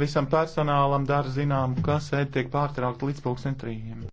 Visam personālam dara zinām, ka sēde tiek pārtraukta līdz pulksten trījiem.